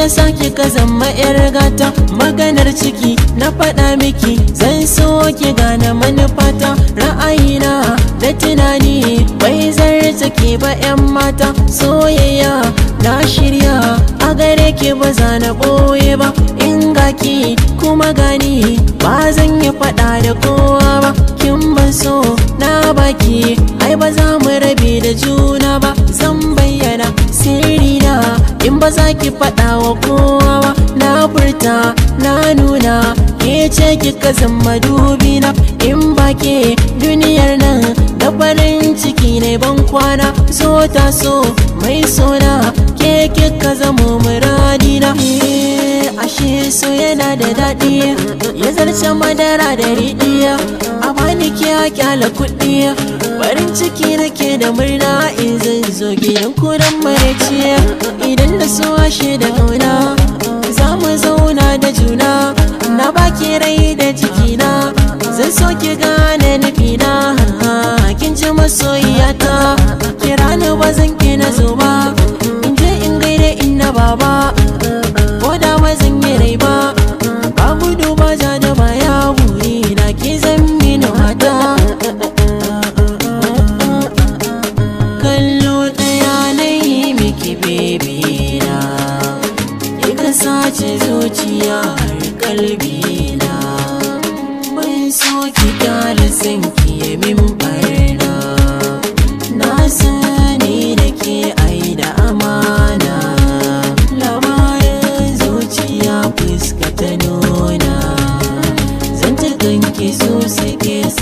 ya sake ka zama yar gata maganar ciki na faɗa miki zan so ki gane manufata ra'ayina da tunani bai zarta ke ba 'yan mata soyayya na shirya a gare ki ba zana ɓoye ba in ki kuma gani ba zan yi faɗa da kowa ba in ba za ki faɗa wa kowa ba na furta na nuna ke ce kika zama dubina in ba ke duniyar nan da farin ciki ne ban kwana so ta so mai sona ke kika zama muradina eh, ashe so yana da daɗi ya zarce madara da riɗiya wani kiya kyala kuɗi farin ciki nake da murna in zan zo gidan kudan idan na so ashe da ce zuciya har kalbi na ban so ki kara sanki ki ya min barna na sani da ke ai da amana labarin zuciya fuska ta nuna zan ta ki so kesa